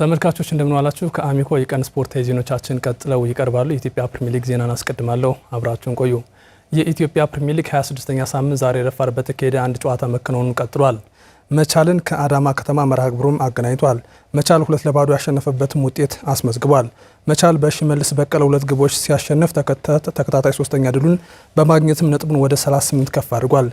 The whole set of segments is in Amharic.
ተመልካቾች እንደምን ዋላችሁ። ከአሚኮ የቀን ስፖርታዊ ዜናዎቻችን ቀጥለው ይቀርባሉ። የኢትዮጵያ ፕሪሚየር ሊግ ዜናን አስቀድማለሁ፣ አብራችሁን ቆዩ። የኢትዮጵያ ፕሪሚየር ሊግ 26ኛ ሳምንት ዛሬ ረፋር በተካሄደ አንድ ጨዋታ መከናወኑን ቀጥሏል። መቻልን ከአዳማ ከተማ መርሃ ግብሩም አገናኝቷል። መቻል ሁለት ለባዶ ያሸነፈበትም ውጤት አስመዝግቧል። መቻል በሽመልስ በቀለ ሁለት ግቦች ሲያሸንፍ ተከታታይ ሶስተኛ ድሉን በማግኘትም ነጥቡን ወደ 38 ከፍ አድርጓል።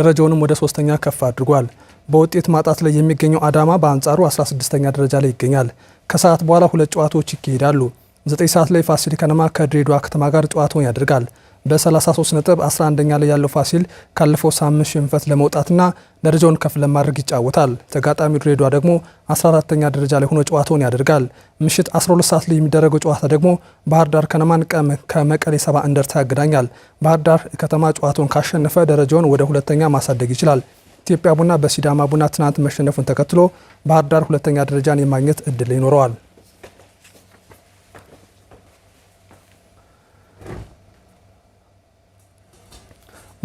ደረጃውንም ወደ ሶስተኛ ከፍ አድርጓል። በውጤት ማጣት ላይ የሚገኘው አዳማ በአንጻሩ 16ኛ ደረጃ ላይ ይገኛል። ከሰዓት በኋላ ሁለት ጨዋታዎች ይካሄዳሉ። 9 ሰዓት ላይ ፋሲል ከነማ ከድሬዳዋ ከተማ ጋር ጨዋታውን ያደርጋል። በ33 ነጥብ 11ኛ ላይ ያለው ፋሲል ካለፈው ሳምንት ሽንፈት ለመውጣትና ደረጃውን ከፍ ለማድረግ ይጫወታል። ተጋጣሚው ድሬዳዋ ደግሞ 14 ኛ ደረጃ ላይ ሆኖ ጨዋታውን ያደርጋል። ምሽት 12 ሰዓት ላይ የሚደረገው ጨዋታ ደግሞ ባህር ዳር ከነማን ከመቀሌ ሰባ እንደርታ ያገናኛል። ባህር ዳር ከተማ ጨዋታውን ካሸነፈ ደረጃውን ወደ ሁለተኛ ማሳደግ ይችላል። ኢትዮጵያ ቡና በሲዳማ ቡና ትናንት መሸነፉን ተከትሎ ባህር ዳር ሁለተኛ ደረጃን የማግኘት እድል ይኖረዋል።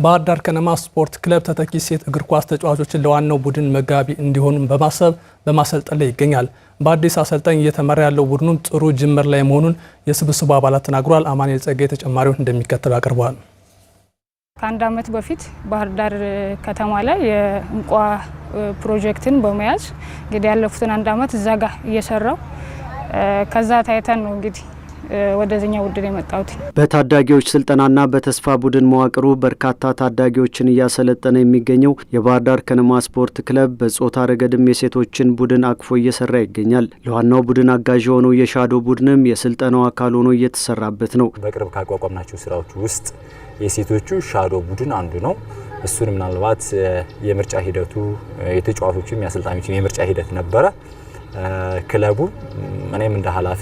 ባህር ዳር ከነማ ስፖርት ክለብ ተተኪ ሴት እግር ኳስ ተጫዋቾችን ለዋናው ቡድን መጋቢ እንዲሆኑ በማሰብ በማሰልጠን ላይ ይገኛል። በአዲስ አሰልጣኝ እየተመራ ያለው ቡድኑም ጥሩ ጅምር ላይ መሆኑን የስብስቡ አባላት ተናግሯል። አማኔል ጸጋዬ ተጨማሪውን እንደሚከተል አቅርበዋል። ከአንድ ዓመት በፊት ባህር ዳር ከተማ ላይ የእንቋ ፕሮጀክትን በመያዝ እንግዲህ ያለፉትን አንድ ዓመት እዛ ጋር እየሰራው ከዛ ታይተን ነው እንግዲህ ወደዚኛ ውድን የመጣሁት በታዳጊዎች ስልጠናና በተስፋ ቡድን መዋቅሩ በርካታ ታዳጊዎችን እያሰለጠነ የሚገኘው የባህር ዳር ከነማ ስፖርት ክለብ በጾታ ረገድም የሴቶችን ቡድን አቅፎ እየሰራ ይገኛል። ለዋናው ቡድን አጋዥ የሆነው የሻዶ ቡድንም የስልጠናው አካል ሆኖ እየተሰራበት ነው። በቅርብ ካቋቋምናቸው ስራዎች ውስጥ የሴቶቹ ሻዶ ቡድን አንዱ ነው። እሱን ምናልባት የምርጫ ሂደቱ የተጫዋቾችም የአሰልጣኞችም የምርጫ ሂደት ነበረ። ክለቡ እኔም እንደ ኃላፊ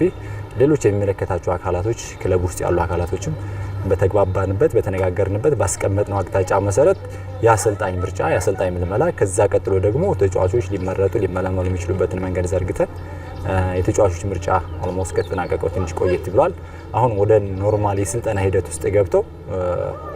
ሌሎች የሚመለከታቸው አካላቶች ክለቡ ውስጥ ያሉ አካላቶችም በተግባባንበት በተነጋገርንበት ባስቀመጥነው አቅጣጫ መሰረት የአሰልጣኝ ምርጫ የአሰልጣኝ ምልመላ ከዛ ቀጥሎ ደግሞ ተጫዋቾች ሊመረጡ ሊመለመሉ የሚችሉበትን መንገድ ዘርግተን የተጫዋቾች ምርጫ አልሞስ ከተጠናቀቀው ትንሽ ቆየት ብሏል። አሁን ወደ ኖርማል የስልጠና ሂደት ውስጥ ገብተው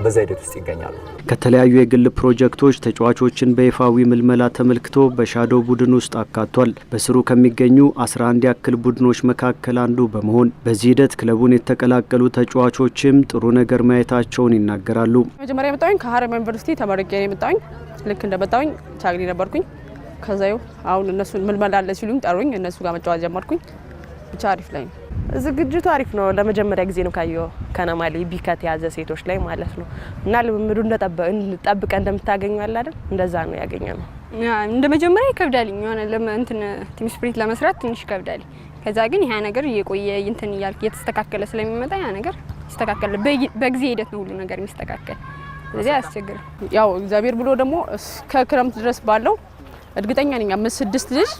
በዛ ሂደት ውስጥ ይገኛሉ። ከተለያዩ የግል ፕሮጀክቶች ተጫዋቾችን በይፋዊ ምልመላ ተመልክቶ በሻዶ ቡድን ውስጥ አካቷል። በስሩ ከሚገኙ 11 ያክል ቡድኖች መካከል አንዱ በመሆን በዚህ ሂደት ክለቡን የተቀላቀሉ ተጫዋቾችም ጥሩ ነገር ማየታቸውን ይናገራሉ። መጀመሪያ የመጣኝ ከሀረማያ ዩኒቨርሲቲ ተመርቄ የመጣኝ ልክ እንደመጣኝ ቻግኒ ነበርኩኝ ከዛ ይኸው አሁን እነሱን ምልመላ አለ ሲሉኝ ጠሩኝ። እነሱ ጋር መጫወት ጀመርኩኝ። ብቻ አሪፍ ላይ ነው ዝግጅቱ አሪፍ ነው። ለመጀመሪያ ጊዜ ነው ካየሁ ከነማ ላይ ቢ ሴቶች ላይ ማለት ነው። እና ልምምዱ እንጠብቀ እንደምታገኙ አለ አይደል? እንደዛ ነው ያገኘ ነው። እንደ መጀመሪያ ይከብዳልኝ የሆነ እንትን ቲም ስፕሪት ለመስራት ትንሽ ይከብዳል። ከዛ ግን ያ ነገር እየቆየ እንትን እያልክ እየተስተካከለ ስለሚመጣ ያ ነገር ይስተካከል። በጊዜ ሂደት ነው ሁሉ ነገር የሚስተካከል። ስለዚህ አያስቸግርም። ያው እግዚአብሔር ብሎ ደግሞ እስከ ክረምት ድረስ ባለው እርግጠኛ ነኝ አምስት ስድስት ልጅ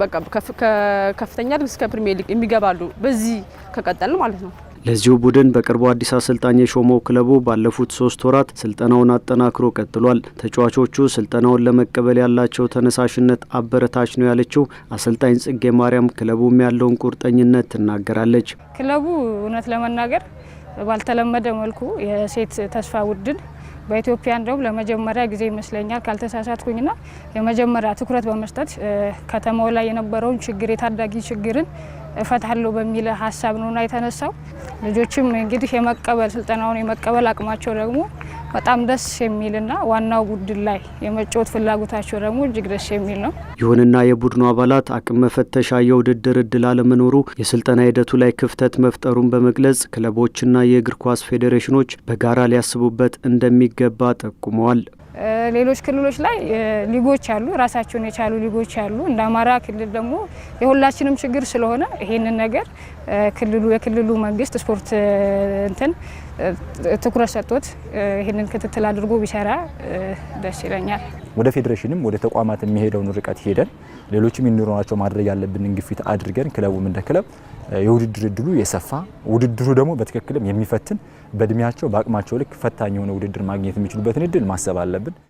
በቃ ከከፍተኛ እስከ ፕሪሚየር ሊግ የሚገባሉ በዚህ ከቀጠል ማለት ነው። ለዚሁ ቡድን በቅርቡ አዲስ አሰልጣኝ የሾመው ክለቡ ባለፉት ሶስት ወራት ስልጠናውን አጠናክሮ ቀጥሏል። ተጫዋቾቹ ስልጠናውን ለመቀበል ያላቸው ተነሳሽነት አበረታች ነው ያለችው አሰልጣኝ ጽጌ ማርያም ክለቡም ያለውን ቁርጠኝነት ትናገራለች። ክለቡ እውነት ለመናገር ባልተለመደ መልኩ የሴት ተስፋ ውድን በኢትዮጵያ እንደውም ለመጀመሪያ ጊዜ ይመስለኛል ካልተሳሳትኩኝና የመጀመሪያ ትኩረት በመስጠት ከተማው ላይ የነበረውን ችግር የታዳጊ ችግርን እፈታለሁ በሚል ሀሳብ ነውና የተነሳው። ልጆችም እንግዲህ የመቀበል ስልጠናውን የመቀበል አቅማቸው ደግሞ በጣም ደስ የሚልና ዋናው ቡድን ላይ የመጫወት ፍላጎታቸው ደግሞ እጅግ ደስ የሚል ነው። ይሁንና የቡድኑ አባላት አቅም መፈተሻ የውድድር እድል አለመኖሩ የስልጠና ሂደቱ ላይ ክፍተት መፍጠሩን በመግለጽ ክለቦችና የእግር ኳስ ፌዴሬሽኖች በጋራ ሊያስቡበት እንደሚገባ ጠቁመዋል። ሌሎች ክልሎች ላይ ሊጎች አሉ፣ ራሳቸውን የቻሉ ሊጎች አሉ። እንደ አማራ ክልል ደግሞ የሁላችንም ችግር ስለሆነ ይሄንን ነገር ክልሉ የክልሉ መንግስት ስፖርት እንትን ትኩረት ሰጥቶት ይህንን ክትትል አድርጎ ቢሰራ ደስ ይለኛል። ወደ ፌዴሬሽንም ወደ ተቋማት የሚሄደውን ርቀት ሄደን ሌሎችም እንዲኖራቸው ማድረግ ያለብንን ግፊት አድርገን ክለቡም እንደ ክለብ የውድድር እድሉ የሰፋ ውድድሩ ደግሞ በትክክልም የሚፈትን በእድሜያቸው በአቅማቸው ልክ ፈታኝ የሆነ ውድድር ማግኘት የሚችሉበትን እድል ማሰብ አለብን።